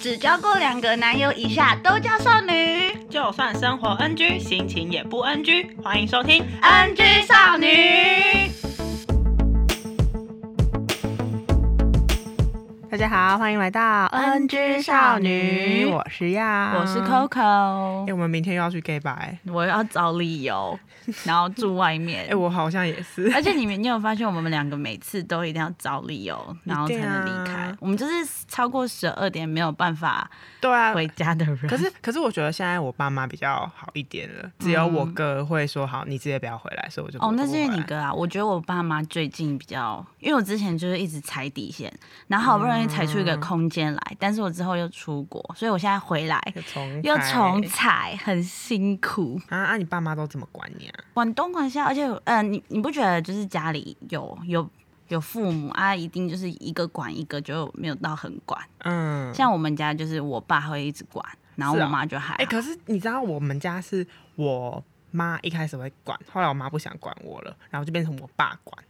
只交過兩個男友，以下都叫少女。就算生活 NG，心情也不 NG。歡迎收聽 NG 少女。大家好，歡迎來到 NG 少，少女。我是亞，我是 Coco、欸。因為我們明天又要去 gay bye，我要找理由， 然後住外面。哎、欸，我好像也是。而且你們，你有發現，我們兩個每次都一定要找理由，然後才能離開、啊。我們就是超過十二點沒有辦法，對啊，回家的人、啊。可是，可是我覺得現在我爸媽比較好一點了，只有我哥會說好，嗯、你直接不要回來，所以我就不不回來哦，那是因為你哥啊。我覺得我爸媽最近比較，因為我之前就是一直踩底線，然後好不容易。嗯，踩出一個空間來，但是我之後又出國，所以我現在回來又重踩，又重踩，很辛苦啊！啊，你爸媽都怎麼管你啊？管東管西，而且，嗯、呃，你你不覺得就是家裡有有有父母啊，一定就是一個管一個就沒有到很管，嗯，像我們家就是我爸會一直管，然後我媽就還、啊，哎、啊欸，可是你知道我們家是我媽一開始會管，後來我媽不想管我了，然後就變成我爸管，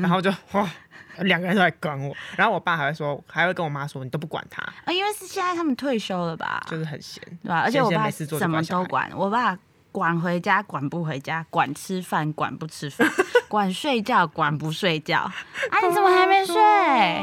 然後就哇。嗯兩個人都在管我，然後我爸還會說，還會跟我媽說，你都不管他，哦、因為是現在他們退休了吧，就是很閒，對吧、啊？而且我爸做，什麼都管，我爸管回家管不回家，管吃飯管不吃飯。 管睡覺，管不睡覺啊？你怎麼還沒睡？哎、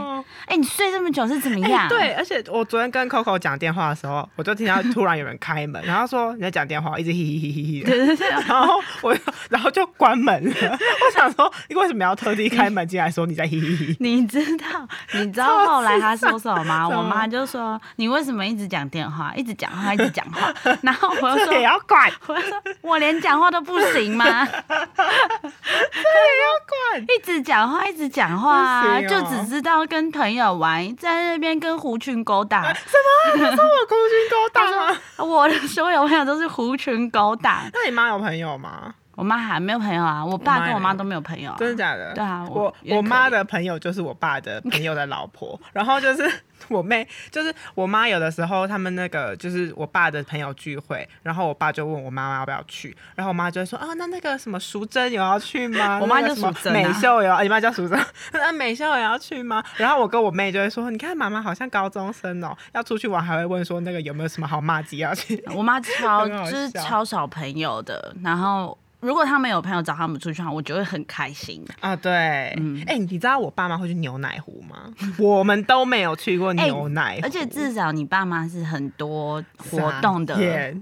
欸，你睡這麼久是怎麼樣？欸、對，而且我昨天跟 Coco 講電話的時候，我就聽到突然有人開門， 然後說你在講電話，一直嘿嘿嘿嘿對對對。 然後我，然後就關門了 我想說，你為什麼要特地開門進來，說你在嘿嘿嘿？ 你知道，你知道後來他說什麼嗎？我媽就說：“你為什麼一直講電話，一直講話，一直講話？” 然後我又說：“也要管。”我說：“我連講話都不行嗎？” 我也要管，一直講話，一直講話啊、喔！就只知道跟朋友玩，在那邊跟狐群狗黨、欸。什麼？你說我狐群狗黨、 啊、我的所有朋友都是狐群狗黨。 那你媽有朋友嗎？我媽還沒有朋友啊，我爸跟我媽都沒有朋友、啊，真的假的？對啊，我我媽的朋友就是我爸的朋友的老婆， 然後就是我妹，就是我媽有的時候他們那個就是我爸的朋友聚會，然後我爸就問我媽媽要不要去，然後我媽就會說啊，那那個什麼淑珍有要去嗎？我媽就說、啊：那「個、美秀有，啊、你媽叫淑珍， 那美秀也要去嗎？然後我跟我妹就會說，你看媽媽好像高中生哦、喔，要出去玩還會問說那個有沒有什麼好麻吉要去。我媽超 就是超少朋友的，然後。如果他們有朋友找他們出去玩，我覺得很開心啊！對，嗯，哎、欸，你知道我爸媽會去牛奶湖嗎？ 我們都沒有去過牛奶、欸，而且至少你爸媽是很多活動的、啊。Yeah.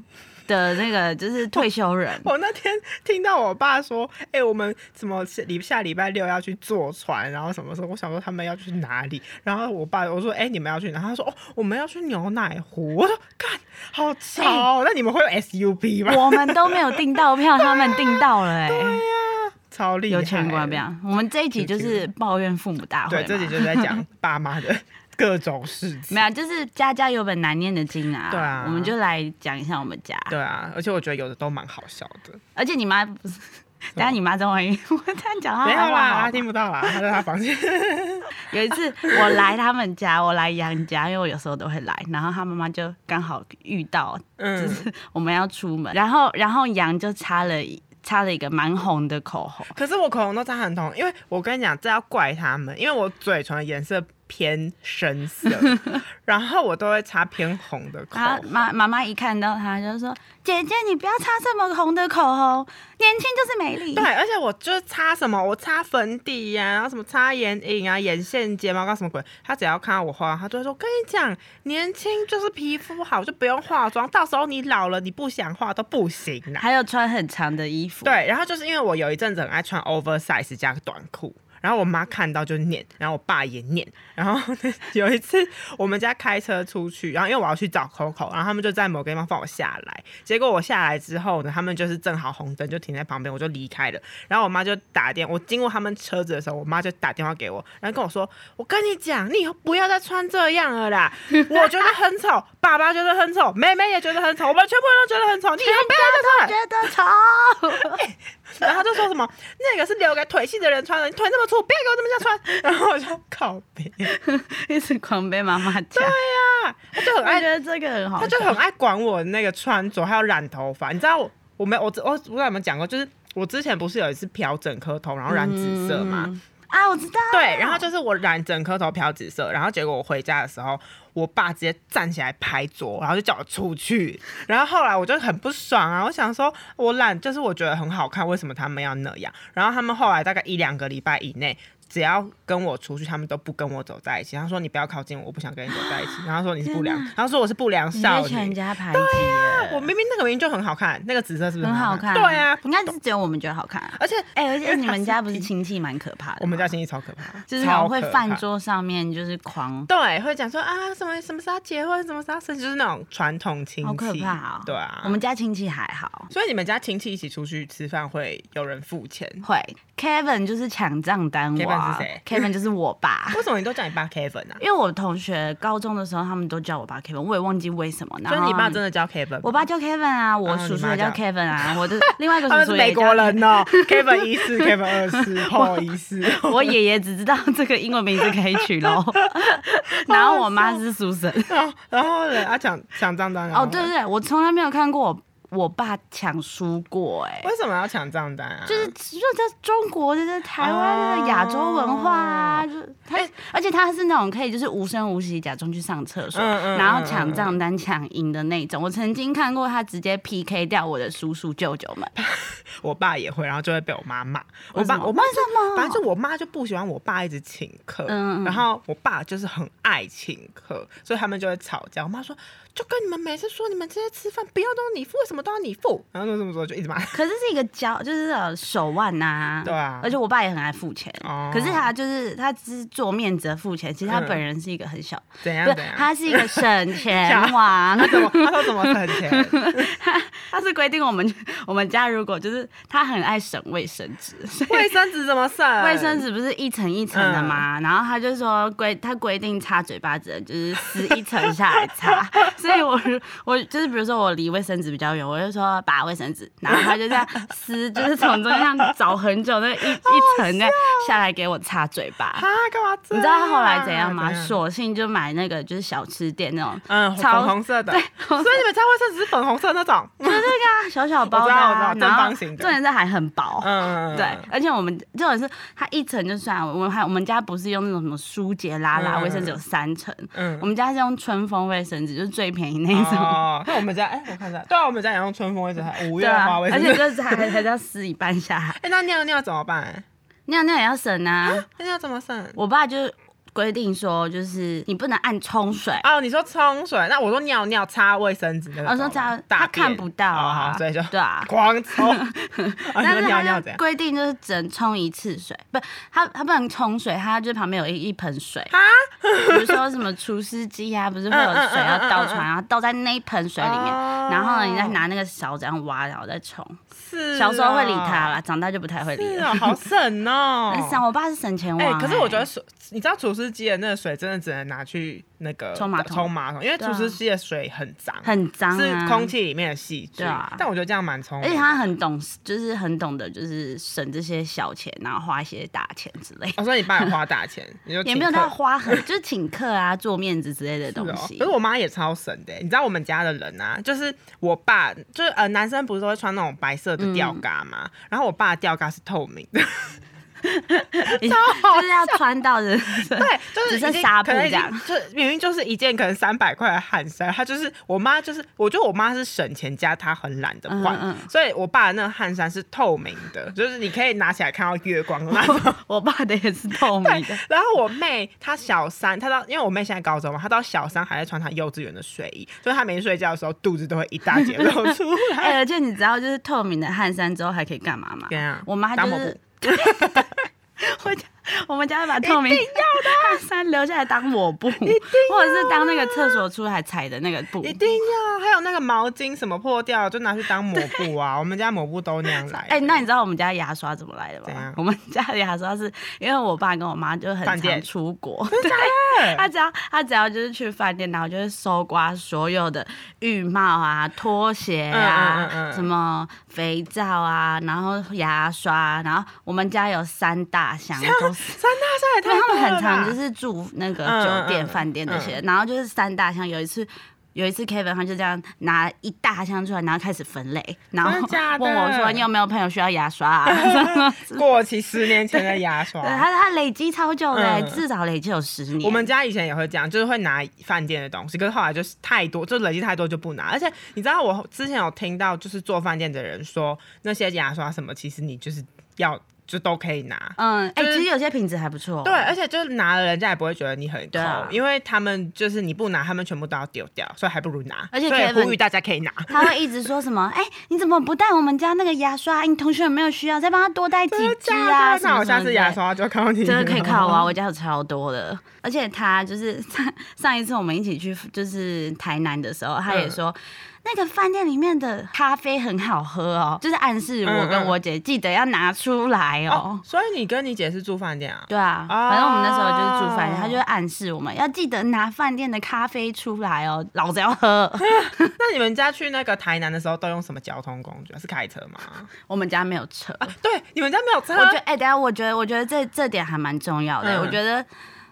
的那個就是退休人。我，我那天聽到我爸說：“哎、欸，我們怎麼下下禮拜六要去坐船，然後什麼時候？”我想說他們要去哪裡。然後我爸我說：“哎、欸，你們要去哪他說：“哦、喔，我們要去牛奶湖。”我說：“看，好潮、欸！那你們會有 S U P 嗎？”我們都沒有訂到票，欸、他們訂到了、欸。哎呀、啊啊，超厲害！有錢管我們這一集就是抱怨父母大會。對，這集就在講爸媽的。 各種事情沒有，就是家家有本難念的經啊。對啊，我們就來講一下我們家。對啊，而且我覺得有的都蠻好笑的。而且你媽、啊、不是，啊、等下你媽在外面、啊、 我這樣講話沒有啦，她聽不到啦她 在她他房間。 有一次我來他們家，我來楊家，因為我有時候都會來。然後他媽媽就剛好遇到，就是我們要出門，嗯、然後然後楊就擦了擦了一個蠻紅的口紅。可是我口紅都擦很紅，因為我跟你講，這要怪他們，因為我嘴唇的顏色。偏深色， 然後我都會擦偏紅的口紅、啊。媽媽媽媽一看到她就說：“姐姐，你不要擦這麼紅的口紅，年輕就是美麗。”對，而且我就是擦什麼，我擦粉底呀、啊，然後什麼擦眼影啊、眼線、睫毛膏什麼鬼。她只要看到我化，她就會說：“我跟你講，年輕就是皮膚好，就不用化妝。到時候你老了，你不想化都不行了、啊。”還有穿很長的衣服。對，然後就是因為我有一陣子很愛穿 oversize 加個短褲。然後我媽看到就念，然後我爸也念。然後有一次我們家開車出去，然後因為我要去找 Coco，然後他們就在某個地方放我下來。結果我下來之後呢，他們就是正好紅燈就停在旁邊，我就離開了。然後我媽就打電話，我經過他們車子的時候，我媽就打電話給我，然後跟我說：“我跟你講，你以後不要再穿這樣了啦， 我覺得很醜，爸爸覺得很醜，妹妹也覺得很醜，我們全部人都覺得很醜，全家都覺得醜。 ” 然後他就說什麼，那個是留給腿細的人穿的，你腿這麼粗，不要給我這麼樣穿。然後我就靠背，一直狂被媽媽講。對呀、啊，他就很愛的這個人好，他就很愛管我那個穿着，還有染頭髮。你知道我，我沒我我我跟你們講過，就是我之前不是有一次漂整顆頭，然後染紫色嗎？嗯、啊，我知道。對，然後就是我染整顆頭漂紫色，然後結果我回家的時候。我爸直接站起來拍桌，然後就叫我出去。然後後來我就很不爽啊，我想說，我懶，就是我覺得很好看，為什麼他們要那樣？然後他們後來大概一兩個禮拜以內。只要跟我出去，他們都不跟我走在一起。他說：“你不要靠近我，我不想跟你走在一起。”然後說：“你是不良。 ”然後說：“我是不良少女。”全家排擠對、啊、我明明那個原因就很好看，那個紫色是不是很好看？好看對啊，你應該是只有我們覺得好看。而且，哎、欸，而且你們家不是親戚蠻可怕的？我們家親戚超，超可怕，就是會飯桌上面就是狂對，會講說啊什麼什麼時候結婚，什麼時候生，就是那種傳統親戚好可怕、哦。對啊，我們家親戚還好。所以你們家親戚一起出去吃飯會有人付錢？會，Kevin 就是搶賬單。Kevin 是誰？Kevin 就是我爸。為什麼你都叫你爸 Kevin 啊？因為我同學高中的時候，他們都叫我爸 Kevin，我也忘記為什麼。所以你爸真的叫 Kevin？我爸叫 Kevin 啊，我叔叔也叫 Kevin 啊，我的 另外一個叔叔 他是美國人哦 ，Kevin 一世 Kevin 二世 Kevin 一世。我爺爺只知道這個英文名字可以取咯 然後我媽是 Susan，然後呢，他講講髒髒啊。哦，啊 oh, 對,對對， 我從來沒有看過。我爸搶輸過哎、欸，為什麼要搶賬單啊？就是說，就在中國，的、就是、台灣，的、哦、亞洲文化啊，就他、欸，而且他是那種可以就是無聲無息假裝去上廁所，嗯嗯嗯嗯嗯，然後搶賬單搶贏的那種。我曾經看過他直接 PK 掉我的叔叔舅舅們。我爸也會，然後就會被我媽罵。我爸我媽什麼？反正就我媽就不喜歡我爸一直請客、嗯，然後我爸就是很愛請客，所以他們就會吵架。我媽說。就跟你們每次說，你們這些吃飯不要都是你付，為什麼都要你付？然後就這麼說，就一直罵。可是是一個腳就是手腕吶、啊。對啊。而且我爸也很愛付錢，oh. 可是他就是他只是做面子的付錢，其實他本人是一個很小。嗯、不是怎樣他是一個省錢王。 他怎麼？他怎麼省錢？ 他他是規定我們我們家如果就是他很愛省衛生紙。衛生紙怎麼省？衛生紙不是一層一層的嗎、嗯？然後他就說規他規定擦嘴巴子，就是撕一層下來擦。 所以我就我就是比如說我離衛生紙比較遠，我就說要把衛生紙，然後他就這樣撕， 就是從中間這樣子找很久那一一層，這樣下來給我擦嘴巴啊？幹嘛？你知道他後來怎樣嗎？索性就買那個就是小吃店那種，嗯，草紅色的。對，所以你們擦衛生紙是粉紅色那種？不 是這個啊，小小包的、啊，然後正方形的，重點是還很薄。嗯，嗯，嗯，嗯，對，而且我們這種是它一層就算，我們還我們家不是用那種什麼舒潔拉拉衛生紙有三層，嗯，嗯，我們家是用春風衛生紙，就是最。便宜那種，那、哦、我們家哎、欸，我看一下，對啊，我們家陽春風衛還五月花衛生、啊，而且就是還還 還要撕一半下、啊。哎、欸，那尿尿要怎麼辦？尿尿也要省啊，尿尿怎麼省？我爸就。規定說就是你不能按沖水哦。你說沖水，那我說尿尿擦衛生紙。我說擦，他看不到，啊哦好，所以就對啊，光沖。那 後他就規定就是只能沖一次水，不，他他不能沖水，他就是旁邊有一一盆水啊。比如說什麼除濕機啊，不是會有水要倒出來，然後倒在那一盆水裡面， 嗯嗯嗯嗯嗯，然後呢你再拿那個勺子這樣挖，然後再沖。是，啊。小時候會理他啦，長大就不太會理了。啊，好省哦，喔，省！ 我爸是省錢王，欸。哎，欸，可是我覺得廚，你知道除濕。的那個水真的只能拿去那個沖馬，馬桶，因為除濕機的水很髒，很髒，啊，是空氣裡面的細菌、啊。但我覺得這樣蠻聰明。而且他很懂，就是很懂得，就是省這些小錢，然後花一些大錢之類。我，哦、所以你爸也花大錢， 你也沒有他花很 就是請客啊、做面子之類的東西。是哦、可是我媽也超省的，你知道我們家的人啊，就是我爸，就是呃男生不是都會穿那種白色的吊嘎嘛，嗯，然後我爸的吊嘎是透明的。 超好 就是要穿到的、就是。對，就是只剩紗樣。就明明就是一件可能三百塊的汗衫，它就是我媽，就是我覺得我媽是省錢家，她很懶得換，嗯嗯，所以我爸的那汗衫是透明的，就是你可以拿起來看到月光 我。我爸的也是透明的。然後我妹她小三，她到因為我妹現在高中嘛，她到小三還在穿她幼稚園的睡衣，就是她沒睡覺的時候肚子都會一大截露出來 欸。而且你知道就是透明的汗衫之後還可以幹嘛嗎？對啊，我媽就是。哈哈哈！哈哈，回家。我們家把透明汗衫 留下來當抹布，或者是當那個廁所出來踩的那個布，一定要。還有那個毛巾什麼破掉就拿去當抹布啊， 我們家抹布都那樣來。哎、欸，那你知道我們家牙刷怎麼來的嗎？我們家的牙刷是因為我爸跟我媽就很常出國，對，對，他只要他只要就是去飯店，然後就是搜刮所有的浴帽啊、拖鞋啊嗯嗯嗯嗯，什麼肥皂啊，然後牙刷。然後我們家有三大箱都。三大箱也太大了，因為他們很常就是住那個酒店、飯、嗯、店這些、嗯，然後就是三大箱。有一次，有一次 Kevin 他就這樣拿一大箱出來，然後開始分類，然後問我說：“我說你有沒有朋友需要牙刷？啊？’ 過期十年前的牙刷。對”他他累積超久、欸，了、嗯、至少累積有十年。”我們家以前也會這樣，就是會拿飯店的東西，可是後來就是太多，就累積太多就不拿。而且你知道，我之前有聽到就是做飯店的人說，那些牙刷什麼，其實你就是要。就都可以拿，嗯，哎、就是欸，其實有些品質還不錯、啊。對，而且就拿了，人家也不會覺得你很摳、啊，因為他們就是你不拿，他們全部都要丟掉，所以還不如拿，而且可以呼籲大家可以拿。他會一直說什麼？哎、 欸，你怎麼不帶我們家那個牙刷？你同學有沒有需要？再幫他多帶幾支啊？就是、什麼什麼？那我下次牙刷，就靠你，真的可以靠我啊！我家有超多的， 而且他就是上一次我們一起去就是台南的時候，他也說。嗯那個飯店裡面的咖啡很好喝哦、喔，就是暗示我跟我姐記得要拿出來、喔，嗯嗯、哦。所以你跟你姐是住飯店啊？對啊、哦，反正我們那時候就是住飯店，他就會暗示我們要記得拿飯店的咖啡出來哦、喔，老子要喝、嗯。那你們家去那個台南的時候都用什麼交通工具、啊？是開車嗎？我們家沒有車、啊。對，你們家沒有車。我覺得，哎、欸，等下，我覺得，我覺得這這點還蠻重要的、欸嗯。我覺得。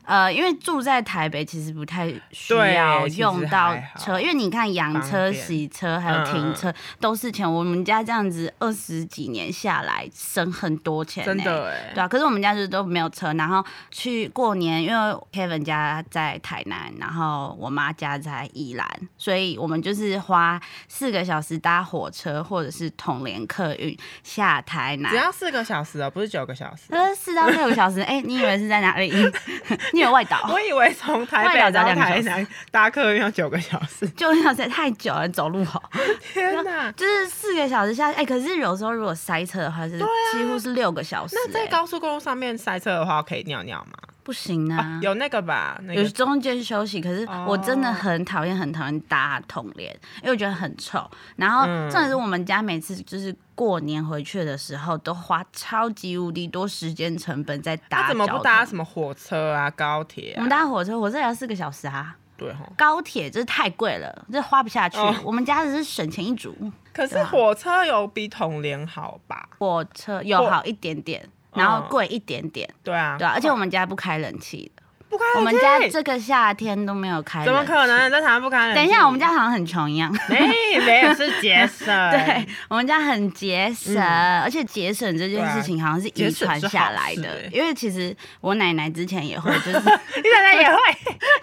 呃，因為住在台北其實不太需要用到車，啊、因為你看養車、洗車還有停車嗯嗯都是錢。我們家這樣子二十幾年下來省很多錢，真的哎、欸，對啊。可是我們家就是都沒有車，然後去過年，因為 Kevin 家在台南，然後我媽家在宜蘭，所以我們就是花四個小時搭火車或者是統聯客運下台南，只要四個小時哦、喔，不是九個小時、喔，四到六個小時，哎、 欸，你以為是在哪裡？ 你有外島，我以為從台北到台南搭客要九個小時，九個， 個小時太久了，走路好， 天哪，就是四個小時。下，哎、欸，可是有時候如果塞車的話，是幾乎是六個小時、欸啊。那在高速公路上面塞車的話，可以尿尿嗎？不行呢，啊啊，有那個吧，那個，有中間休息。可是我真的很討厭，很討厭搭統聯，因為我覺得很臭。然後，這、嗯、也是我們家每次就是過年回去的時候，都花超級無敵多時間成本在搭。他，啊、怎麼不搭什麼火車啊？高鐵、啊？我們搭火車，火車也要四個小時啊。對、哦、高鐵這太貴了，這、就是、花不下去，哦。我們家只是省錢一族。可是火車有比統聯好吧，吧？火車有好一點點。然後貴一點點、哦，對啊，對啊，而且我們家不開冷氣的，哦、不開冷氣，我們家這個夏天都沒有開冷氣，怎麼可能？在台灣不開冷氣。等一下，我們家好像很窮一樣。沒沒有，是節省。 對，我們家很節省、嗯，而且節省這件事情好像是遺傳下來的，啊欸、因為其實我奶奶之前也會，就是 你奶奶也會，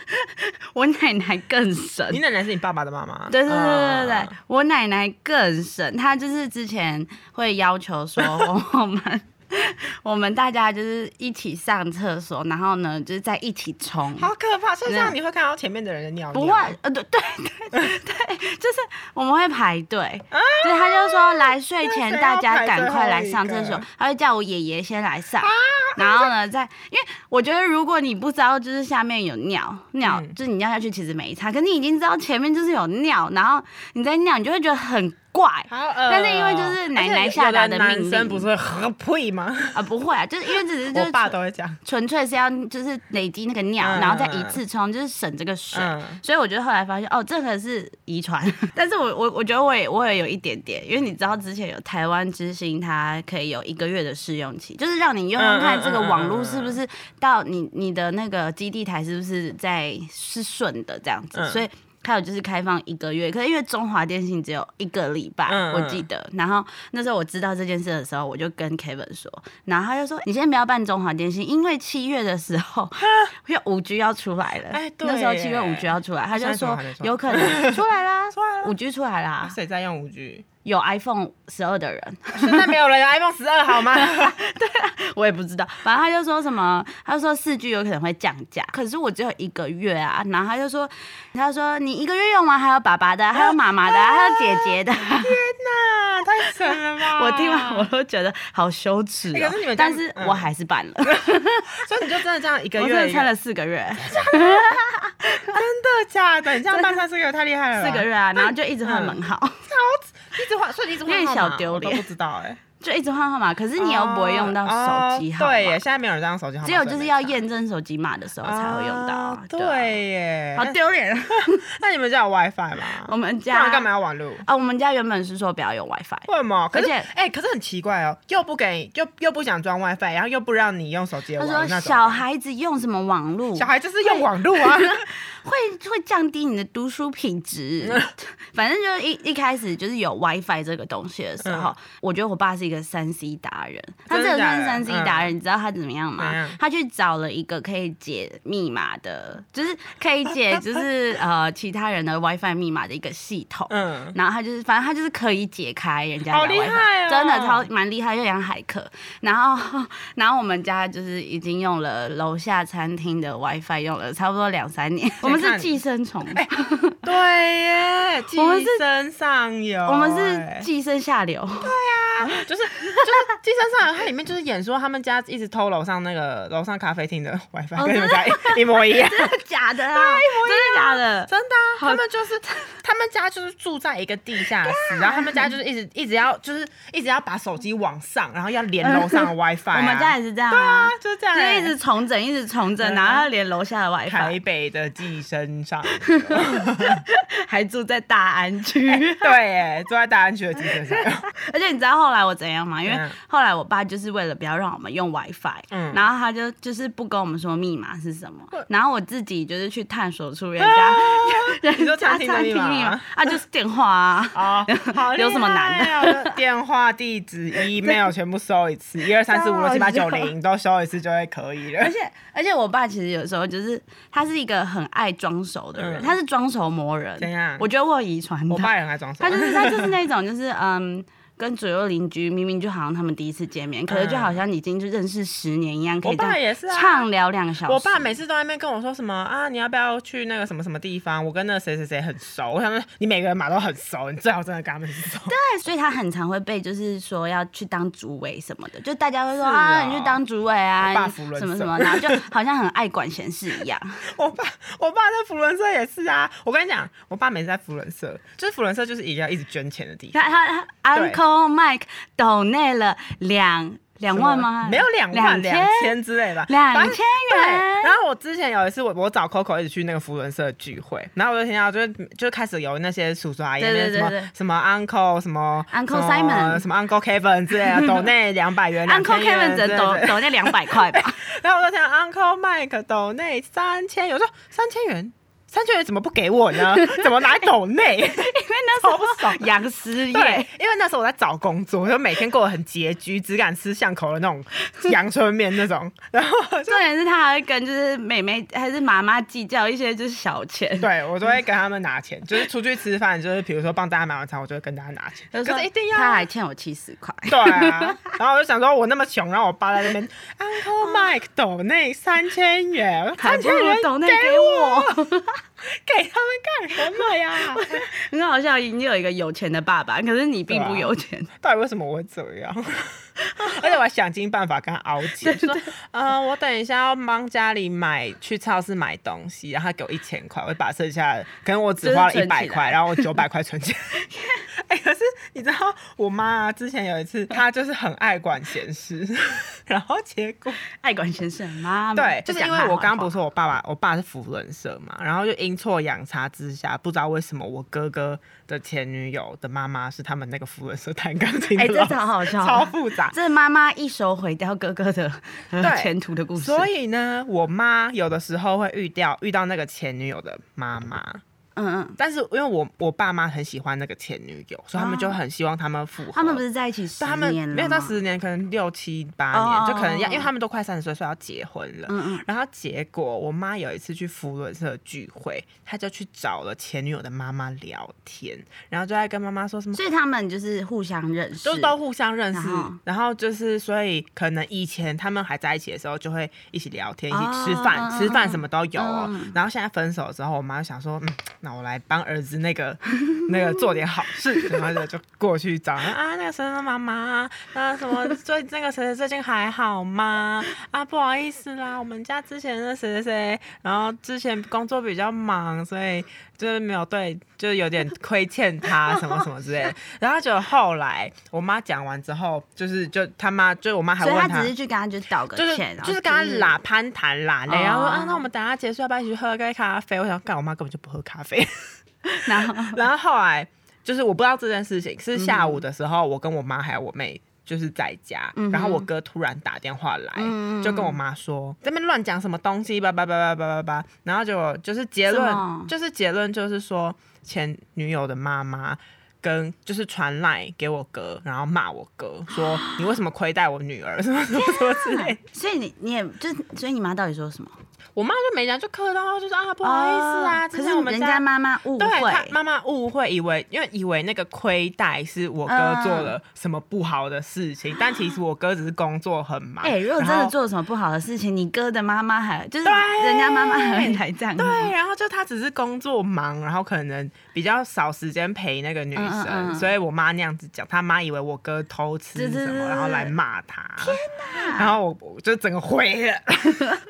我奶奶更省。你奶奶是你爸爸的媽媽？對、嗯、對，對對對對，我奶奶更省，她就是之前會要求說我們。 我們大家就是一起上廁所，然後呢，就是在一起沖。好可怕！是這樣，你會看到前面的人的尿，尿、嗯。不會，呃，對對對對，對 就是我們會排隊。所、呃、以、就是、他就說，來睡前大家趕快來上廁所。他會叫我爺爺先來上，啊、然後呢，再因為我覺得如果你不知道就是下面有尿尿，嗯、就是你尿下去其實沒差。可是你已經知道前面就是有尿，然後你在尿，你就會覺得很。怪、呃，但是因為就是奶奶下達的，的男生不是會很配嗎？ 啊，不會啊，就是因為只是就是，我爸都會講，純粹是要就是累積那個尿、嗯嗯，然後再一次沖，就是省這個水。嗯、所以我覺得後來發現哦，這個是遺傳。 但是我我我覺得我也我也有一點點，因為你知道之前有台灣之星，它可以有一個月的試用期，就是讓你用用看這個網絡是不是到你、嗯嗯、你的那個基地台是不是在是順的這樣子，所、嗯、以。還有就是開放一個月，可是因為中華電信只有一個禮拜，嗯嗯，我記得。然後那時候我知道這件事的時候，我就跟 Kevin 說，然後他就說：“你先不要辦中華電信，因為七月的時候，因為五 G 要出來了。”哎，對，那時候七月五 G 要出來，他就說，說有可能出來啦，出來啦，五 G 出來啦。誰、啊、在用五 G？有 iPhone 十二的人、啊，那沒有了。有 iPhone 十二好，好嗎？對啊，我也不知道，反正他就說什麼，他就說四 G 有可能會降價，可是我只有一個月啊。然後他就說，他就說你一個月用完，還有爸爸的，還有媽媽的、啊啊啊，還有姐姐的。天哪，太扯了吧！ 我聽完我都覺得好羞恥、哦欸。可是你們，但是我還是辦了。 嗯、 所以你就真的這樣一個月一個，我真的拆了四個月。 真的假的？你這樣辦三四個月太厲害了。 四個月啊，然後就一直換門號。嗯嗯 所以一直換，所以你怎麼換號碼？我都不知道哎、欸，就一直換號碼。可是你又不會用到手機號、哦哦，對耶。現在沒有人用手機號，只有就是要驗證手機碼的時候才會用到，哦、對耶。對好丟臉！ 那你們家有 WiFi 嗎？我們家幹嘛要網路啊、哦？我們家原本是說不要用 WiFi，為什麼？而且，哎、欸，可是很奇怪哦，又不給，又又不想裝 WiFi，然後又不讓你用手機玩。他說小孩子用什麼網路？小孩子是用網路啊。 會會降低你的讀書品質， 反正就是一一開始就是有 WiFi 這個東西的時候、嗯，我覺得我爸是一個三 C 達人，真的假的，他這個算是三 C 達人、嗯，你知道他怎麼樣嗎、嗯？他去找了一個可以解密碼的，就是可以解，就是 呃其他人的 WiFi 密碼的一個系統、嗯，然後他就是，反正他就是可以解開人家的 WiFi，、哦、真的超蠻厲害，就像駭客，然後然後我們家就是已經用了樓下餐廳的 WiFi，用了差不多兩三年。 我們是寄生蟲、欸，對耶，寄生上流、欸、我，們我們是寄生下流，對啊，就是就是寄生上流，它裡面就是演說他們家一直偷樓上那個樓上咖啡廳的 wifi，、哦、跟你們家一,一模一樣，真的假的啊，對啊一模一樣的啊，一模一樣，假的，真的、啊，他們就是他們家就是住在一個地下室，啊、然後他們家就是一直一直要就是一直要把手機往上，然後要連樓上的 wifi，、啊、我們家也是這樣、啊，對啊，就是、這樣、欸，就是、一直重整，一直重整，然後要連樓下的 wifi，台北的寄生。身上， 還住在大安區， 對，住在大安區的機車上。 而且你知道後來我怎樣嗎？因為後來我爸就是為了不要讓我們用 WiFi，嗯，然後他就就是不跟我們說密碼是什麼，嗯、然後我自己就是去探索出人家，啊、人家你說餐廳的密碼啊，啊就是電話啊，有什麼難的？ 哦哦、 電話、地址、 Email 全部搜一次，一二三四五六七八九零都搜一次就會可以了。而且而且我爸其實有時候就是他是一個很愛。裝熟的人，嗯、他是裝熟魔人。怎樣？我覺得我有遺傳。我爸人還裝熟。他就是他就是那種就是嗯。 跟左右鄰居明明就好像他們第一次見面，可是就好像已經就認識十年一樣，可以也是暢聊兩個小時我爸、啊。我爸每次都在那邊跟我說什麼啊，你要不要去那個什麼什麼地方？我跟那誰誰誰很熟，我想說你每個人嘛都很熟，你最好真的跟他們很熟。對，所以他很常會被就是說要去當主委什麼的，就大家會說、哦、啊，你去當主委啊，爸扶輪社你什麼什麼，然後就好像很愛管閒事一樣。 我爸，我爸在扶輪社也是啊。我跟你講，我爸每次在扶輪社，就是扶輪社就是也要一直捐錢的地方，他他安 Mike 斗內了兩兩萬嗎？沒有兩萬，兩千,兩千之類的，兩千元。對。然後我之前有一次我，我我找 Coco 一起去那個福倫社聚會，然後我就聽到、啊，就就是開始有那些叔叔阿姨，對對對對什麼什麼 Uncle，什麼 Uncle Simon，什麼，什麼 Uncle Kevin 之類的，斗內兩百元， 元，Uncle Kevin 只能斗斗內兩百塊吧。 然後我就聽到 Uncle Mike 斗內三千，有人說三千元。三千元怎麼不給我呢？怎麼拿在抖內？ 因為那時候楊思業， 因為那時候我在找工作，就每天過得很拮據，只敢吃巷口的那種陽春麵那種。然後重點是他還會跟就是妹妹還是媽媽計較一些就是小錢。對，我都會跟他們拿錢，就是出去吃飯，就是比如說幫大家買晚餐，我就會跟大家拿錢。就是、說可是一定要他還欠我七十塊。 對啊，然後我就想說，我那麼窮，然後我爸在那邊 ，Uncle Mike，抖、哦、內三千元，三千元給我。 給他們幹什麼呀、啊？很 好像已經你有一個有錢的爸爸，可是你並不有錢。啊、到底為什麼我會這樣？ 而且我還想盡辦法跟他拗錢，對對對，說、呃、我等一下要幫家裡買去超市買東西，然後他給我一千塊，我就把剩下跟我只花了一百塊，然後我九百塊存錢。 yeah. 哎、欸，可是你知道，我媽、啊、之前有一次，她就是很愛管閒事，然後結果愛管閒事的媽媽，對，就是因為我剛剛不是說我爸爸，我爸是扶輪社嘛，然後就陰錯陽差之下，不知道為什麼我哥哥的前女友的媽媽是他們那個扶輪社彈鋼琴，哎，真的好好笑， 超複雜， 這是媽媽一手毀掉哥哥的對前途的故事。所以呢，我媽有的時候會遇到遇到那個前女友的媽媽。嗯嗯，但是因為我我爸媽很喜歡那個前女友，所以他們就很希望他們複合，哦他們。他們不是在一起十年了，沒有到十年，可能六七八年，哦，就可能要，因為他們都快三十歲，所以要結婚了。嗯嗯，然後結果我媽有一次去扶輪社聚會，她就去找了前女友的媽媽聊天，然後就在跟媽媽說什麼。所以他們就是互相認識，都都互相認識然後。然後就是所以可能以前他們還在一起的時候，就會一起聊天，一起吃飯，哦，吃飯什麼都有，喔嗯。然後現在分手之後，我媽就想說，嗯。那我來幫兒子那個 那個做點好事，然後呢，就過去找 啊那個誰誰媽媽那啊什麼最那個誰誰最近還好嗎？啊不好意思啦，我們家之前那誰誰誰，然後之前工作比較忙，所以。就是沒有對，就是有點虧欠他什麼什麼之類的， 然後就後來我媽講完之後，就是就他媽就我媽還問他，所以他只是去跟他就道個歉，就是、就是就是、跟他拉攀談拉然後說、哦、啊，那我們等下結束要不要一起去喝杯咖啡？我想幹，我媽根本就不喝咖啡。 然後， 然後後來就是我不知道這件事情是下午的時候，嗯、我跟我媽還有我妹。就是在家、嗯，然後我哥突然打電話來、嗯，就跟我媽說，在那邊亂講什麼東西，叭叭叭叭叭叭叭，然後就就是結論，就是結論就是說前女友的媽媽跟就是傳 LINE 給我哥，然後罵我哥說你為什麼虧待我女兒什麼什麼什麼之類， 所以你你也就所以你媽到底說什麼？我媽就沒講，就磕到，就說啊，不好意思啊。可、哦、是人家媽媽誤會，媽媽誤會以為，因為以為那個虧待是我哥做了什麼不好的事情，嗯、但其實我哥只是工作很忙。哎、欸，如果真的做了什麼不好的事情，你哥的媽媽還就是人家媽媽還在。對，然後就他只是工作忙，然後可能比較少時間陪那個女生，嗯嗯嗯，所以我媽那樣子講，他媽以為我哥偷吃什麼，對對對，然後來罵他。天哪！然後我就整個灰了。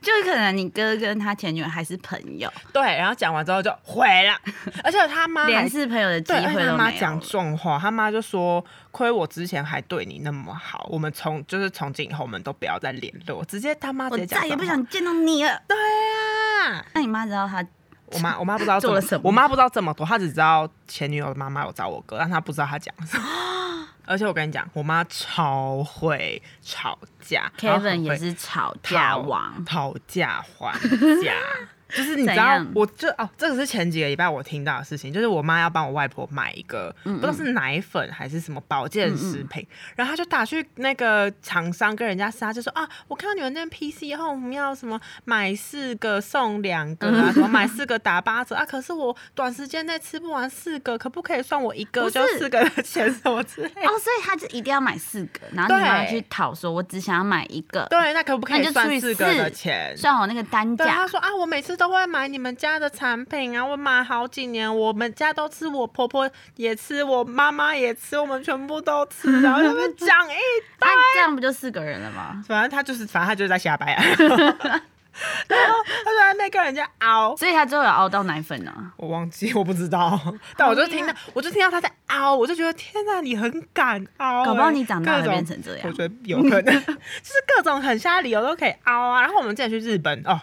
就是可能你哥跟他前女友還是朋友，對，然後講完之後就回了，而且他媽連是 朋友的機會都沒有，媽講重話。他媽就說，虧我之前還對你那麼好，我們從就是從今以後我們都不要再聯絡，直接他媽就講再也不想見到你了。對啊，那你媽知道他？我媽我媽不知道怎麼做了什麼，我媽不知道這麼多，她只知道前女友的媽媽有找我哥，但她不知道她講什麼。而且我跟你講，我媽超會吵架，Kevin 也是吵架王，討，討價還價。 就是你知道，我就哦，這個是前幾個禮拜我聽到的事情，就是我媽要幫我外婆買一個，嗯嗯不知道是奶粉還是什麼保健食品嗯嗯，然後他就打去那個廠商跟人家殺，就說啊，我看到你們那邊 PC 後，我們要什麼買四個送兩個啊，什麼買四個打八折啊，可是我短時間內吃不完四個，可不可以算我一個就四個的錢是什麼之類？哦，所以他就一定要買四個，然後就跑去討說，我只想要買一個，對，那可不可以？算四個的錢，算我那個單價。他說啊，我每次。都會買你們家的產品啊！我買好幾年，我們家都吃，我婆婆也吃，我媽媽也吃，我們全部都吃，然後他們講一大堆， 這樣不就四個人了嗎？反正他就是，反正他就是在瞎掰啊 。然後他說：“那個人家嗷， 所以他最後有嗷到奶粉呢。”我忘記，我不知道， 但我就聽到，我就聽到他在嗷，我就覺得天哪、啊，你很敢嗷！搞不好你長大就變成這樣，我覺得有可能， 就是各種很瞎理由、喔、都可以嗷啊。然後我們再去日本哦。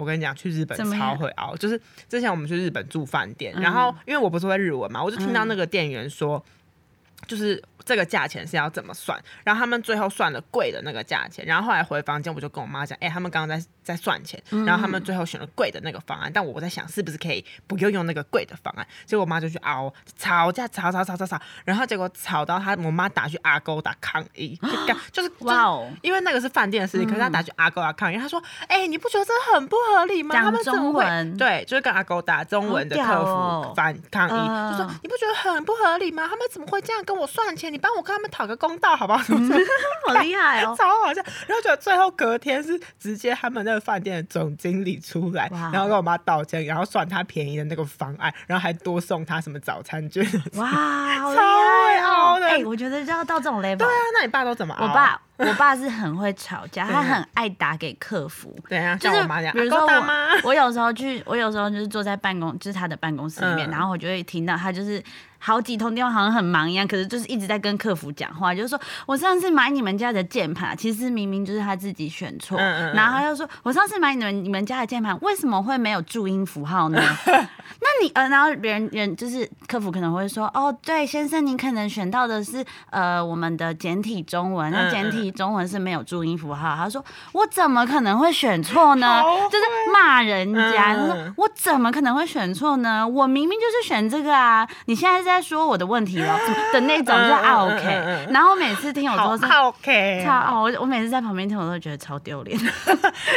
我跟你講，去日本超會熬。就是之前我們去日本住飯店，嗯、然後因為我不是會日文嘛，我就聽到那個店員說、嗯，就是這個價錢是要怎麼算，然後他們最後算了貴的那個價錢。然後後來回房間，我就跟我媽講，哎、欸，他們剛剛在。在算錢，然後他們最後選了貴的那個方案。嗯、但我在想，是不是可以不用用那個貴的方案？結果我媽就去拗、啊哦、吵架，吵吵吵，吵吵吵吵吵，然後結果吵到他，我媽打去阿勾打抗議，就、哦、就，就是哇哦，因為那個是飯店的事情、嗯，可是他打去阿勾打抗議，他說，哎、欸，你不覺得這很不合理嗎？他們中文，對，就是跟阿勾打中文的客服反抗議、哦，就說你不覺得很不合理嗎？他們怎麼會這樣跟我算錢？你幫我跟他們討個公道，好不好？嗯、是不是 好厲害哦，超好笑。然後覺得最後隔天是直接他們那個。飯店的總經理出來，然後跟我媽道歉，然後算他便宜的那個方案，然後還多送他什麼早餐券。哇， 超會凹的！哎、欸， 我覺得就要到這種 level。對啊，那你爸都怎麼？我爸，我爸是很會吵架， 他很愛打給客服。對啊，就是像我媽講，有、就、時、是、我，啊、我有時候去，我有時候就是坐在辦公，就是他的辦公室裡面，嗯、然後我就會聽到他就是。好幾通電話，好像很忙一樣，可是就是一直在跟客服講話，就是說我上次買你們家的鍵盤，其實明明就是他自己選錯、嗯，然後又說我上次買你們你們家的鍵盤為什麼會沒有注音符號呢？ 那你呃，然後別人人就是客服可能會說哦，對先生，你可能選到的是呃我們的簡體中文、嗯，那簡體中文是沒有注音符號。嗯、他說我怎麼可能會選錯呢、啊？就是罵人家，嗯、說我怎麼可能會選錯呢、嗯？我明明就是選這個啊，你現在在。在說我的問題了的那種是、啊 OK，嗯，就、嗯、OK，、嗯嗯、然後我每次聽我都是 OK，、啊、超我我每次在旁邊聽，我都覺得超丟臉。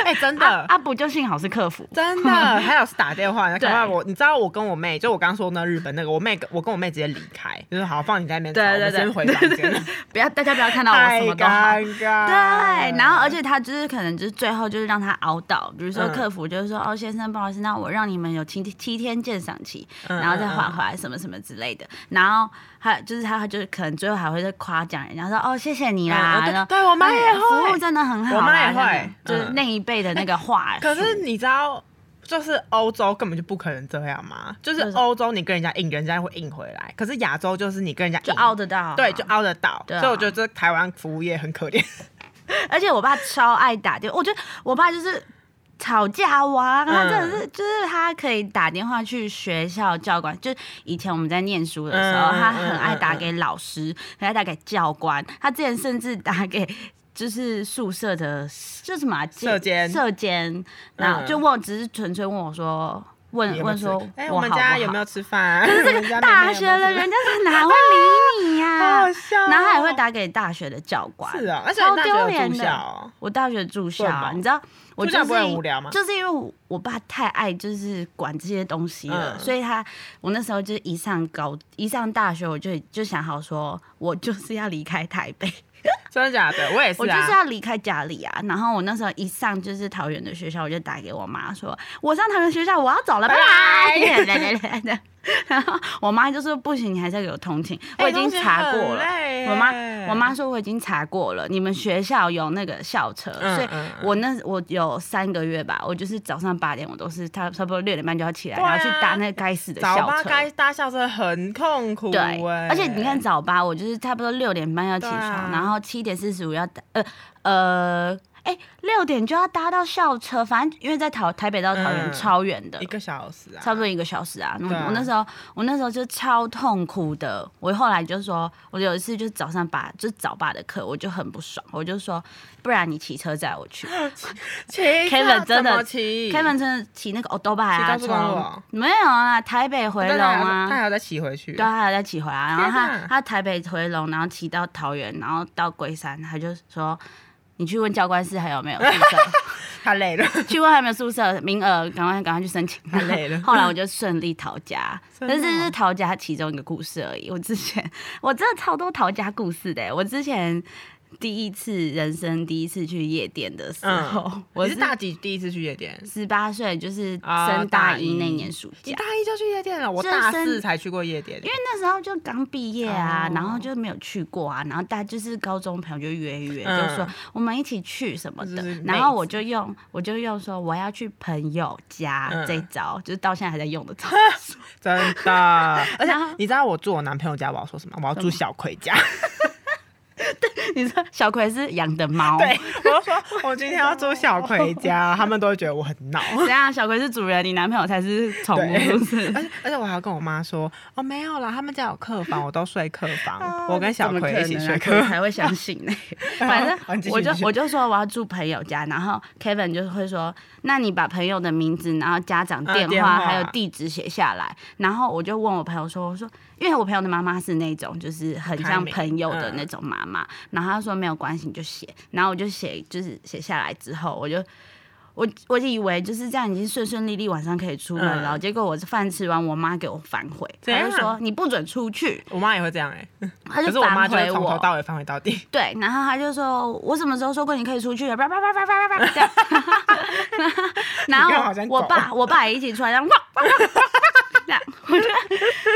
哎、 欸，真的，啊不就幸好是客服，真的還好是打電話， 對，然我你知道我跟我妹，就我剛說那日本那個，我妹我跟我妹直接離開，就是好放你在那邊，對對對，回房間，不要大家不要看到我什麼都尷尬，對，然後而且他就是可能就是最後就是讓他熬到，比如說客服就是說、嗯、哦先生不好意思，那我讓你們有七七天鑒賞期，然後再還回來什麼什麼之類的。嗯嗯嗯嗯然後還就是他就是可能最後還會再誇獎人家說，哦，謝謝你啦，哦、對，對我媽也會服務真的很好、啊，我媽也會、嗯、就是那一輩的那個話、欸。可是你知道，就是歐洲根本就不可能這樣嘛，就是歐洲你跟人家硬，人家會硬回來，可是亞洲就是你跟人家硬，就凹得到，對，就凹得到。所以我覺得這台灣服務業很可憐。啊、 而且我爸超愛打電就我覺得我爸就是。吵架王，他真的是，就是他可以打電話去學校教官、嗯。就以前我們在念書的時候，嗯、他很愛打給老師，嗯、很愛打給教官、嗯。他之前甚至打給就是宿舍的，就是什麼舍、啊、監，舍監、嗯。然後就問，只是純粹問我說，問有有問說我好好，哎、欸，我們家有沒有吃飯、啊？可是這個大學的人家是哪會理你呀、啊 啊啊？好笑、哦、然後他也會打給大學的教官？是啊、哦，而且我大學住、哦、我大學住校，你知道。我就是就這樣不會無聊嗎？就是因為我爸太愛就是管這些東西了，嗯、所以他我那時候就一上高一上大學，我就就想好說，我就是要離開台北。 真的假的？我也是、啊，我就是要離開家裡啊！然後我那時候一上就是桃園的學校，我就打給我媽說，我上桃園學校，我要走了，拜拜！ 然後我媽就說不行，你還在給我通勤、欸。我已經查過了，我媽、欸，我媽說我已經查過了，你們學校有那個校車，嗯嗯嗯，所以我那我有三個月吧，我就是早上八點，我都是差差不多六點半就要起來，啊、然後去搭那個該死的校車。早八該搭校車很痛苦、欸。對，而且你看早八，我就是差不多六點半要起床，啊、然後七點四十五要搭，呃呃。哎、欸，六點就要搭到校車，反正因為在桃台北到桃園超遠的、嗯，一個小時啊，差不多一個小時啊。那我那時候，我那時候就超痛苦的。我後來就說，我有一次就是早上把，就是早八的課，我就很不爽，我就說，不然你騎車載我去。騎車？真的騎？Kevin 真的騎那個歐多巴啊？高速公路？沒有啊，台北回龍啊，啊。他還要再騎回去。對，他還要再騎回來啊。然後他他台北回龍，然後騎到桃園，然後到龜山，他就說。你去問教官室還有沒有宿舍？太 他累了， 去問還有沒有宿舍名額，趕快趕快去申請。太累了。後來我就順利逃家， 但是這是逃家其中一個故事而已。我之前我真的超多逃家故事的，我之前。第一次人生第一次去夜店的時候，嗯、我是大幾第一次去夜店？十八歲，就是升大一那年暑假，嗯、大一就去夜店了。我大四才去過夜店，因為那時候就剛畢業啊，然後就沒有去過啊。然後大就是高中朋友就約約，就說我們一起去什麼的。嗯、然後我就用我就用說我要去朋友家這招，嗯、就是到現在還在用的招數。 真的。 而且你知道我住我男朋友家我要說什麼？我要住小葵家。你說小葵是養的貓，對。我說我今天要住小葵家， 他們都會覺得我很鬧。怎樣？小葵是主人，你男朋友才是寵物。對。而且而且，我還跟我媽說，哦，沒有啦，他們家有客房，我都睡客房，啊。我跟小葵一起睡客房，啊、以才會相信呢、欸啊。反正、嗯、我就我就說我要住朋友家，然後 Kevin 就會說，那你把朋友的名字，然後家長電話、啊、電話還有地址寫下來。然後我就問我朋友說，我說。因為我朋友的媽媽是那種，就是很像朋友的那種媽媽、嗯，然後她說沒有關係，你就寫。然後我就寫，就是寫下來之後我，我就我我以為就是這樣，已經順順利利晚上可以出門了。嗯、然後結果我飯吃完，我媽給我反悔，她就說你不准出去。我媽也會這樣哎、欸，可是我媽就從頭到尾反悔到底。對，然後她就說我什麼時候說過你可以出去了、啊？ 然後我爸，我爸也一起出來這樣，讓 叭 我覺得，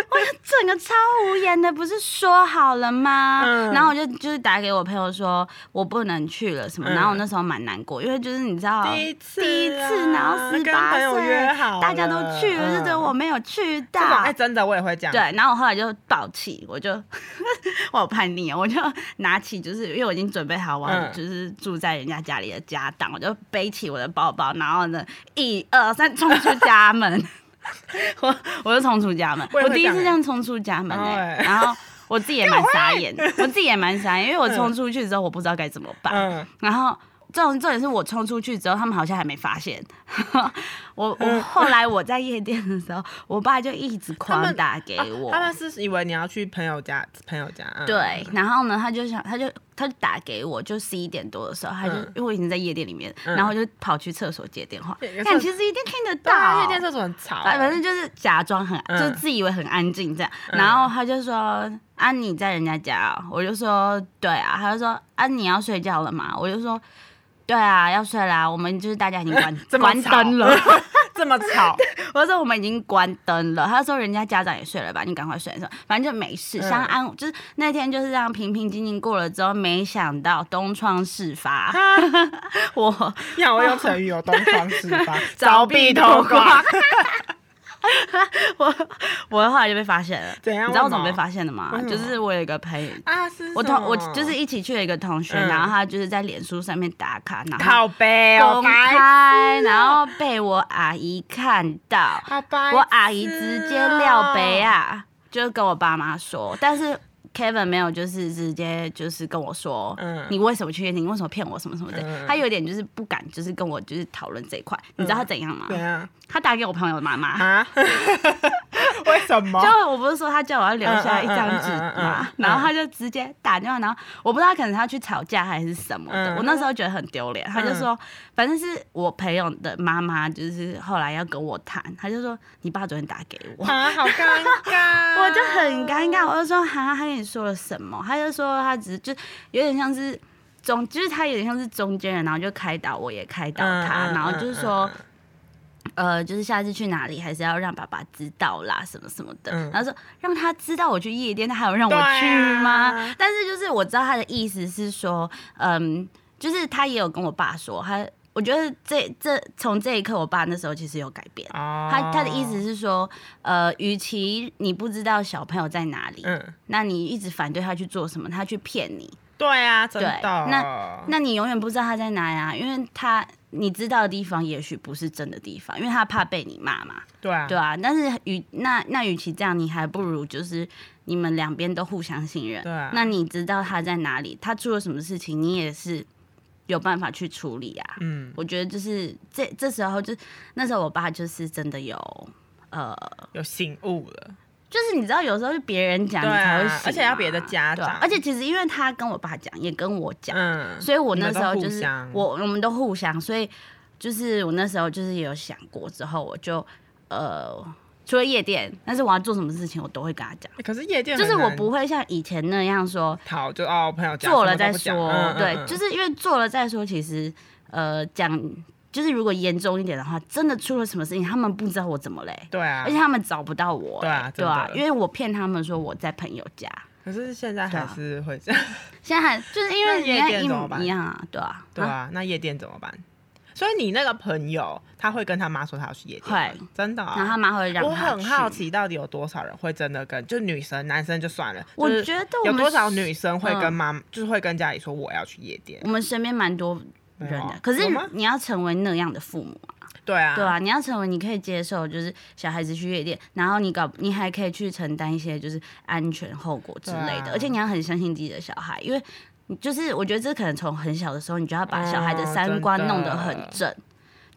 我整個超無言的，不是說好了嗎？嗯、然後我就就是打給我朋友說，我不能去了什麼。嗯、然後我那時候蠻難過，因為就是你知道，第一次，啊，第一次然後十八歲，大家都去了，就覺得我沒有去到。哎，真的，我也會這樣。對，然後我後來就抱起，我就 我叛逆，我就拿起，就是因為我已經準備好，我就是住在人家家裡的家當，嗯，我就背起我的包包，然後呢，一二三，衝出家門。嗯我 我就衝出家門，我、欸，我第一次這樣衝出家門、欸然後欸、然後我自己也蠻傻眼， 我自己也蠻傻眼，因為我衝出去之後我不知道該怎麼辦，嗯、然後。這種重點是我衝出去之後，他們好像還沒發現。 我我後來我在夜店的時候， 我爸就一直狂打給我。他，們、啊、他們是以為你要去朋友家，朋友家。嗯、對，然後呢，他就想，他就他就打給我，就十一點多的時候，他就因為、嗯、我已經在夜店裡面，然後就跑去廁所接電話。但、嗯、其實一定聽得到，夜店廁所很吵。反正就是假裝很，嗯、就是自以為很安靜這樣。然後他就說：“啊、嗯啊、你在人家家、喔。我啊啊”我就說：“對啊。”他就說：“啊你要睡覺了嘛，我就說。對啊，要睡啦、啊！我們就是大家已經關關燈了，這麼吵。 麼吵。 我說我們已經關燈了，他說人家家長也睡了吧，你趕快睡什麼。反正就沒事，相安、欸。就是那天就是這樣平平靜靜過了之後，沒想到東窗事發。啊、 我要我要成語哦，東窗事發，鑿 壁偷投光。 我我後來就被發現了，你知道我怎麼被發現的嗎？就是我有一個朋、啊，我同我就是一起去了一個同學，嗯、然後他就是在臉書上面打卡，然後公開，靠杯喔、白痴喔，然後被我阿姨看到，喔、我阿姨直接撂杯啊，就是跟我爸媽說，但是。Kevin 沒有，就是直接就是跟我說、嗯，你為什麼去？你為什麼騙我？什麼什麼的、嗯？他有點就是不敢，就是跟我就是討論這一塊、嗯。你知道他怎樣嗎？對啊，他打給我朋友的媽媽 為什麼？就我不是說他叫我要留下一張紙嘛，然後他就直接打電話，然後我不知道可能他去吵架還是什麼的。嗯、我那時候覺得很丟臉、嗯，他就說，反正是我朋友的媽媽，就是後來要跟我談，他就說你爸昨天打給我，啊、好尷尬， 我就很尷尬，我就說哈、啊，他跟你說了什麼？他就說他只是就有點像是中，就是他有點像是中間人，然後就開導我也開導他，然後就是說。嗯嗯嗯呃，就是下次去哪裡還是要讓爸爸知道啦，什麼什麼的。他、嗯、說讓他知道我去夜店，他還有讓我去嗎、啊？但是就是我知道他的意思是說，嗯，就是他也有跟我爸說，他我覺得這這從這一刻，我爸那時候其實有改變。Oh. 他他的意思是說，呃，與其你不知道小朋友在哪裡、嗯，那你一直反對他去做什麼，他去騙你。對啊，真的，對，那那你永遠不知道他在哪呀、啊，因為他你知道的地方也許不是真的地方，因為他怕被你罵嘛。對啊，對啊。但是與那那與其這樣，你還不如就是你們兩邊都互相信任。對啊。那你知道他在哪裡，他做了什麼事情，你也是有辦法去處理啊。嗯。我覺得就是這這時候就那時候我爸就是真的有呃有醒悟了。就是你知道，有時候是別人講你才會、啊啊，而且要別的家長對，而且其實因為他跟我爸講，也跟我講、嗯，所以我那時候就是我，我們都互相，所以就是我那時候就是也有想過之後，我就呃，除了夜店，但是我要做什麼事情，我都會跟他講、欸。可是夜店就是我不會像以前那樣說，好，就哦朋友做了再說、嗯嗯嗯，對，就是因為做了再說，其實呃講。就是如果嚴重一點的話，真的出了什麼事情，他們不知道我怎麼嘞？對啊，而且他們找不到我、欸，對啊，對啊，因為我騙他們說我在朋友家。可是現在還是會這樣、啊。 現在還就是因為那夜店 夜店怎麼辦啊？對啊，啊，對啊，那夜店怎麼辦？所以你那個朋友他會跟他媽說他要去夜店，啊、真的啊？然後他媽會讓他，我很好奇，到底有多少人會真的跟，就女生男生就算了，我覺得我有多少女生會跟媽、嗯、就是會跟家裡說我要去夜店？我們身邊蠻多。可是你要成為那樣的父母啊？對啊，對啊，你要成為你可以接受，就是小孩子去夜店，然後你搞你還可以去承擔一些就是安全後果之類的。啊，而且你要很相信自己的小孩，因為就是我覺得這可能從很小的時候你就要把小孩的三觀弄得很正。嗯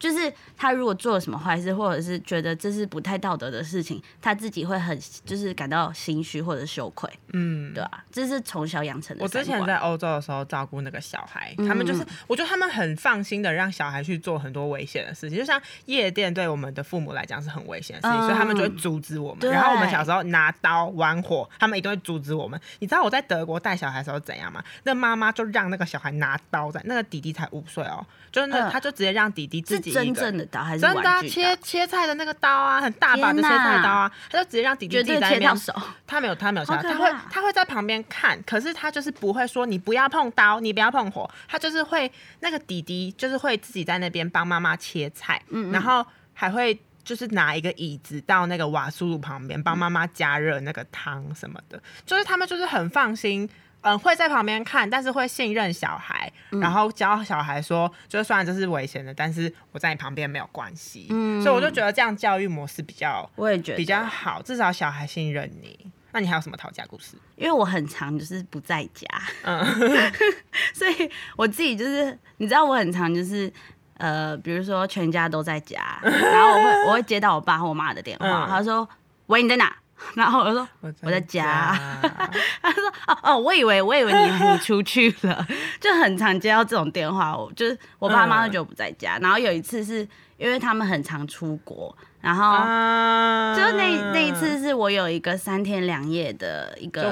就是他如果做了什麼壞事，或者是覺得這是不太道德的事情，他自己會很就是感到心虛或者羞愧，嗯，對啊，這是從小養成的。我之前在歐洲的時候照顧那個小孩，他們就是、嗯、我覺得他們很放心的讓小孩去做很多危險的事情，就像夜店對我們的父母來講是很危險的事情，嗯、所以他們就會阻止我們。然後我們小時候拿刀玩火，他們一定會阻止我們。你知道我在德國帶小孩的時候怎樣嗎？那媽媽就讓那個小孩拿刀在，那個弟弟才五歲哦，就是那、呃、他就直接讓弟弟自己。真正的刀還是真的切切菜的那個刀啊，很大把的切菜刀啊，他就直接讓弟弟弟弟來動手。他沒有他沒有他會他會在旁邊看，可是他就是不會說你不要碰刀，你不要碰火，他就是會那個弟弟就是會自己在那邊幫媽媽切菜。嗯嗯，然後還會就是拿一個椅子到那個瓦斯爐旁邊幫媽媽加熱那個湯什麼的，就是他們就是很放心。嗯，會在旁邊看，但是會信任小孩，嗯、然後教小孩說，就算這是危險的，但是我在你旁邊沒有關係。嗯，所以我就覺得這樣教育模式比較，我也覺得比較好，至少小孩信任你。那你還有什麼討價故事？因為我很常就是不在家，嗯， 所以我自己就是你知道，我很常就是呃，比如說全家都在家，嗯、然後我會我會接到我爸和我媽的電話，嗯、他就說：“喂，你在哪？”然後我說，我在家，在家 他說哦哦，我以為我以為你你出去了， 就很常接到這種電話。我就是我爸媽就不在家，嗯。然後有一次是因為他們很常出國，然後、嗯、就那那一次是我有一個三天兩夜的一個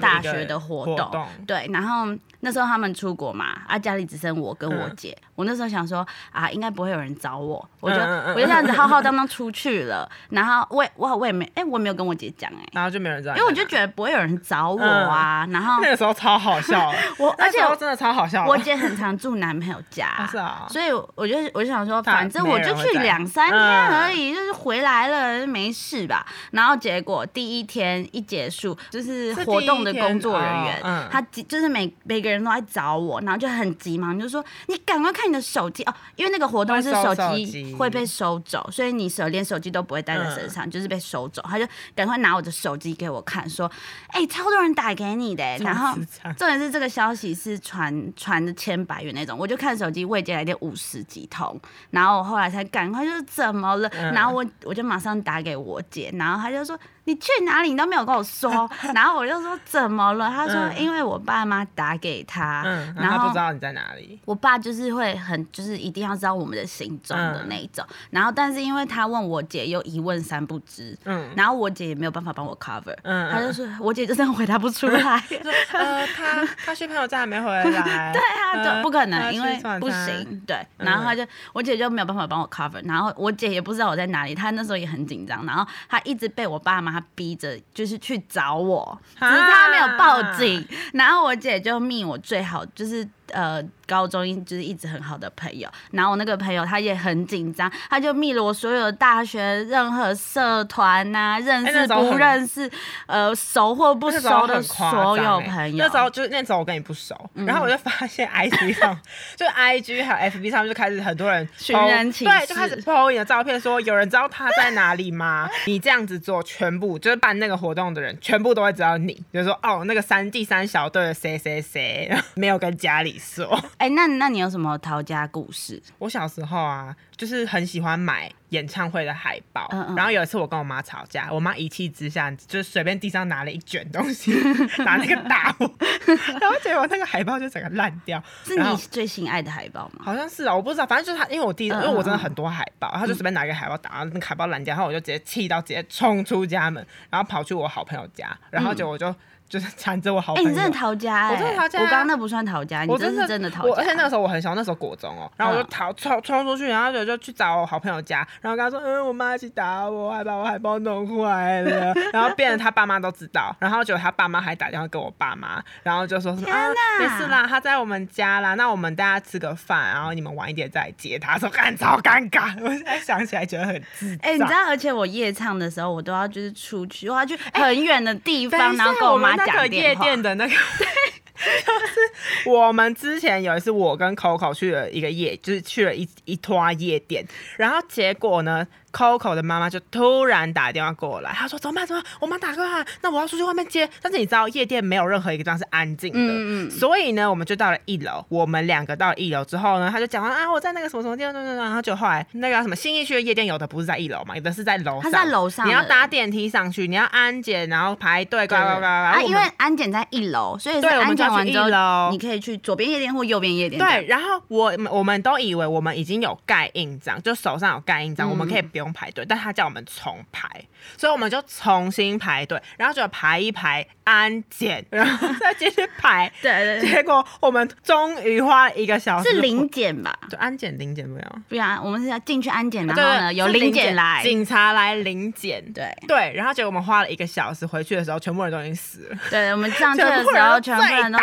大學的活動，活動對，然後。那時候他們出國嘛，啊，家裡只剩我跟我姐、嗯。我那時候想說，啊，應該不會有人找我，我就、嗯嗯、我就這樣子浩浩蕩蕩出去了。 然後我也我我也沒哎、欸，我也沒有跟我姐講哎、欸。然後就沒有人找，因為我就覺得不會有人找我啊。嗯、然後那個時候超好笑， 我而且、那個、真的超好笑，我我， 超好笑。我姐很常住男朋友家、啊， 是啊。所以我就我就想說，反正我就去兩三天而已、嗯，就是回來了沒事吧。然後結果第一天一結束，是就是活動的工作人員，哦嗯、他就是每每個人。人都來找我，然後就很急忙，就說，你趕快看你的手機哦，因為那個活動是手機會被收走，所以你手連手機都不會帶在身上、嗯，就是被收走。他就趕快拿我的手機給我看，說哎、欸，超多人打給你的、欸，然後重點是這個消息是傳傳的千百元那種，我就看手機未接來電五十幾通，然後我後來才趕快就是怎麼了，嗯、然後我我就馬上打給我姐，然後他就說。你去哪裡，你都沒有跟我說， 然後我就說怎麼了？嗯、他說因為我爸媽打給他，嗯、然後他不知道你在哪裡。我爸就是會很就是一定要知道我們的行蹤的那一種、嗯，然後但是因為他問我姐又一問三不知，嗯、然後我姐也沒有辦法幫我 cover，、嗯、他就是我姐就真的回答不出來。嗯嗯 呃、他說他去朋友家還沒回來。 對啊，這、呃、不可能，因為不行，對。然後他就、嗯、我姐就沒有辦法幫我 cover，然後我姐也不知道我在哪裡，她那時候也很緊張，然後她一直被我爸媽。他逼着就是去找我，可是他沒有報警，然後我姐就命我最好就是。呃，高中一就是一直很好的朋友，然後我那個朋友他也很緊張，他就密了我所有的大學任何社團吶、啊，認識不認識、欸，呃，熟或不熟的、欸、所有朋友。那時候就那時候我跟你不熟，嗯、然後我就發現 IG 上， 就 IG 和 FB 上面就開始很多人尋人啟事對，就開始 po 你的照片，說有人知道他在哪裡嗎？ 你這樣子做，全部就是辦那個活動的人，全部都會知道你，比、就、如、是、說哦，那個三第三小隊的誰誰誰沒有跟家裡。說、欸、哎，那那你有什麼逃家故事？我小時候啊，就是很喜歡買演唱會的海報。嗯嗯，然後有一次我跟我媽吵架，我媽一氣之下就隨便地上拿了一卷東西， 拿那個打我。 然後結果那個海報就整個爛掉。是你最心愛的海報嗎？好像是啊、喔，我不知道。反正就是她，因為我第一、嗯嗯，因為我真的很多海報，她就隨便拿一個海報打，然後那個海報爛掉。然後我就直接氣到直接衝出家門，然後跑去我好朋友家，然後結果我就。嗯就是纏着我好。哎、欸，你真的逃家？欸？我真的逃家，啊。我剛剛那不算逃家，你這是真的逃家。而且那時候我很小，那時候國中哦，然後我就逃，衝、哦、衝出去，然後就就去找我好朋友家，然後跟他說，嗯，我媽一起打我，還把我海報弄壞了， 然後變得他爸媽都知道，然後結果他爸媽還打電話給我爸媽，然後就說是，啊，是啦，他在我們家啦，那我們大家吃個飯，然後你們晚一點再接他。他說，看超尷尬。我現在想起來覺得很自。哎、欸，你知道，而且我夜唱的時候，我都要就是出去，我要去很遠的地方，欸、然後跟我媽。那個夜店的那個，對， 就是我們之前有一次，我跟 Coco 去了一個夜，就是去了一一攤夜店，然後結果呢？Coco 的媽媽就突然打電話過來，她說：“怎麼辦？怎麼辦？我媽打過來，那我要出去外面接。”但是你知道夜店沒有任何一個地方是安靜的，嗯所以呢，我們就到了一樓。我們兩個到了一樓之後呢，她就講：“啊，我在那個什麼什麼地方，然後就後來那個什麼信義區的夜店，有的不是在一樓嘛，有的是在樓上。在樓上，你要搭電梯上去，你要安檢，然後排隊，呱呱呱呱。啊，因為安檢在一樓，所以是安檢完之後。你可以去左邊夜店或右邊夜店對。對，然後我們我們都以為我們已經有蓋印章，就手上有蓋印章、嗯，我們可以不用。排隊，但他叫我們重排，所以我們就重新排隊，然後就排一排安檢，然後再繼續排。 對對，對，結果我們終於花了一個小時，是臨檢吧？就安檢臨檢沒有？不要、啊、我們是要進去安檢，然後呢，有臨檢來警察來臨檢，對對，然後結果我們花了一個小時，回去的時候，全部人都已經死了。對，我們上車的時候，全部人都。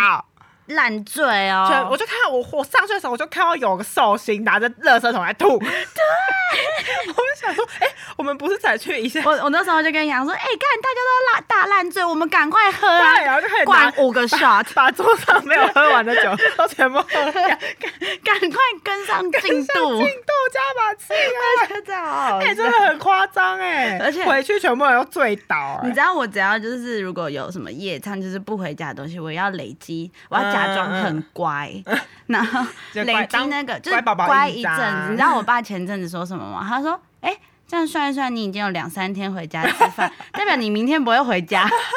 爛醉哦！我就看到我我上去的時候，我就看到有個壽星拿着垃圾桶來吐。對， 我就想說，哎、欸，我們不是才去一下？我我那時候就跟楊說，哎、欸，看大家都爛大爛醉，我們趕快喝啊！然後、啊、就灌五個 shot 把，把桌上沒有喝完的酒 都全部喝，趕 趕快跟上進度，進度加把勁啊！哎、 欸，真的很誇張哎！而且回去全部人都醉倒、欸。你知道我只要就是如果有什麼夜餐就是不回家的東西，我也要累積、嗯，我要加。很乖，然後累積那個就是乖寶寶一陣子。你知道我爸前陣子說什麼嗎？他說：“哎、欸，這樣算一算，你已經有兩三天回家吃飯， 代表你明天不會回家。 ”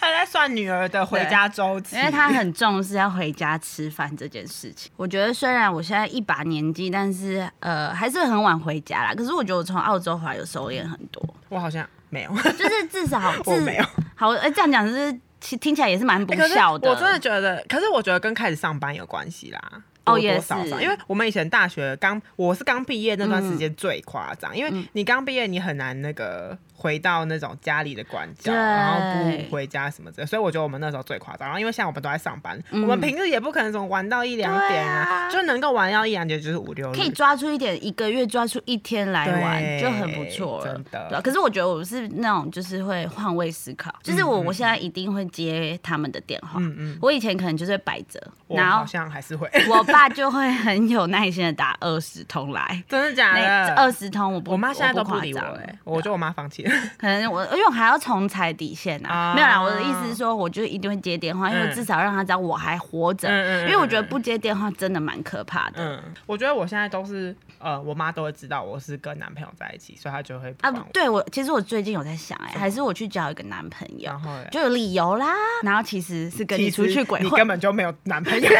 他在算女兒的回家周期，因為他很重視要回家吃飯這件事情。我覺得雖然我現在一把年紀，但是呃還是很晚回家啦。可是我覺得我從澳洲回來有收斂很多，我好像沒有， 就是至少至我沒有。好，哎、欸，這樣講就是。其聽起來也是蠻不孝的，欸、我真的覺得，可是我覺得跟開始上班有關係啦。多，多少，少，少？因為我們以前大學剛，我是剛畢業那段時間最誇張，因為你剛畢業，你很難那個回到那種家裡的管教，然後不回家什麼的，所以我覺得我們那時候最誇張。然後因為現在我們都在上班，我們平日也不可能總玩到一兩點啊，就能夠玩到一兩點、啊、就，一天就是五六，可以抓出一點一個月抓出一天來玩就很不錯，真的、啊。可是我覺得我是那種就是會換位思考，就是我我現在一定會接他們的電話。我以前可能就是擺着，然後好像還是會我。他就會很有耐心的打二十通來，真的假的？二十通我不。我媽現在都不理我，哎、欸，我覺得我媽放棄了，可能我因為我還要重踩底線啊，啊。沒有啦，我的意思是說，我就一定會接電話，嗯、因為至少讓他知道我還活着、嗯嗯嗯。因為我覺得不接電話真的蠻可怕的、嗯。我覺得我現在都是呃，我媽都會知道我是跟男朋友在一起，所以她就會我啊。對，我其實我最近有在想、欸，哎，還是我去交一個男朋友，就有理由啦。然後其實是跟你出去鬼混，你根本就沒有男朋友。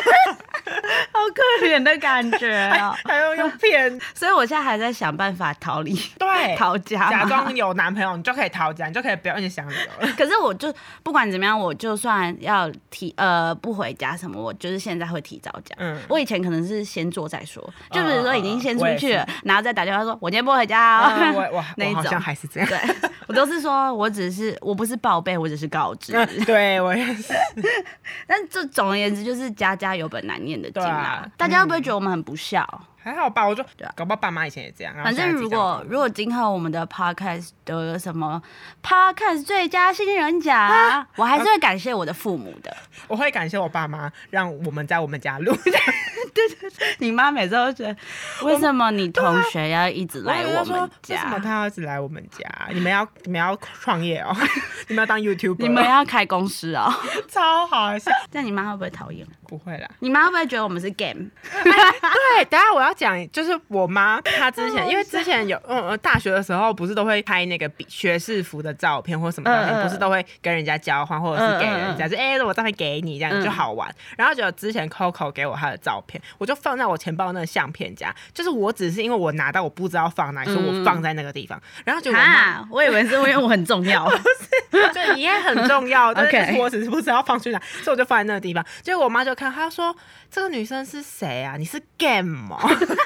可憐的感覺、喔還，還要用騙， 所以我現在還在想辦法逃離，對，逃家，假裝有男朋友，你就可以逃家，你就可以不要去想你了。 可是我就不管怎麼樣，我就算要提呃，不回家什麼，我就是現在會提早講。嗯，我以前可能是先做再說，嗯、就比如說已經先出去了，呃、然後再打電話說我今天不回家哦。呃、 那一種好像還是這樣， 對，我都是說我只是我不是報備，我只是告知，呃、對我也是。 但這總而言之，就是家家有本難念的經啊。大家會不會覺得我們很不孝？嗯，還好吧，我說，對啊，搞不好爸媽以前也這樣。反正如果如果今後我們的 podcast 得了什麼 podcast 最佳新人獎，啊，我還是會感謝我的父母的。我，我會感謝我爸媽，讓我們在我們家錄。 對對對，你媽每次都覺得，為什麼你同學要一直來我們家？ 為什麼他要一直來我們家？你們要你們要創業哦， 你們要當 YouTuber，你們要開公司哦， 超好笑！這樣你媽會不會討厭？不會啦。你媽會不會覺得我們是 game？ 對，等下我要講，就是我媽，她之前因為之前有嗯大學的時候，不是都會拍那個學士服的照片或什麼照片，嗯、不是都會跟人家交換，或者是給人家、嗯、就哎，欸、我照片給你這樣就好玩。嗯、然後就之前 Coco 給我她的照片。我就放在我錢包的那個相片夾，就是我只是因為我拿到我不知道放哪裡，所以我放在那個地方，嗯、然後就得啊，我以為是因為我很重要， 不是，就你也很重要， 但是，就是我只是不知道放去哪，所以我就放在那個地方，結果我媽就看，她說：“這個女生是誰啊？你是 gay 嗎、喔？”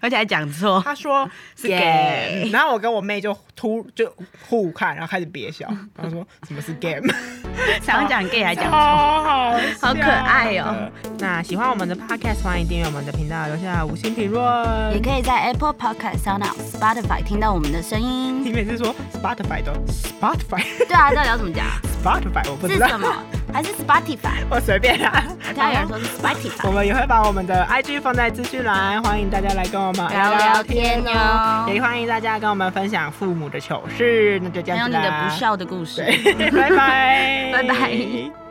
而且還講錯，他說是 game 然後我跟我妹就突就互看，然後開始憋笑。他說什麼是 game 想講 game 還講錯，好可愛哦、喔 那喜歡我們的 podcast，歡迎訂閱我們的頻道，留下五星評論。也可以在 Apple Podcast、SoundOn、Spotify 聽到我們的聲音。你每次說 Spotify 的 Spotify， 對啊，到底要怎麼講？Spotify，我不知道是什麼，還是 Spotify， 我隨便啊。我他有人說是 Spotify， 我們也會把我們的 IG 放在資訊欄，歡迎大家來跟我們聊聊天哦。也歡迎大家跟我們分享父母的糗事，那就這樣子。有你的不孝的故事， 拜拜， 拜拜。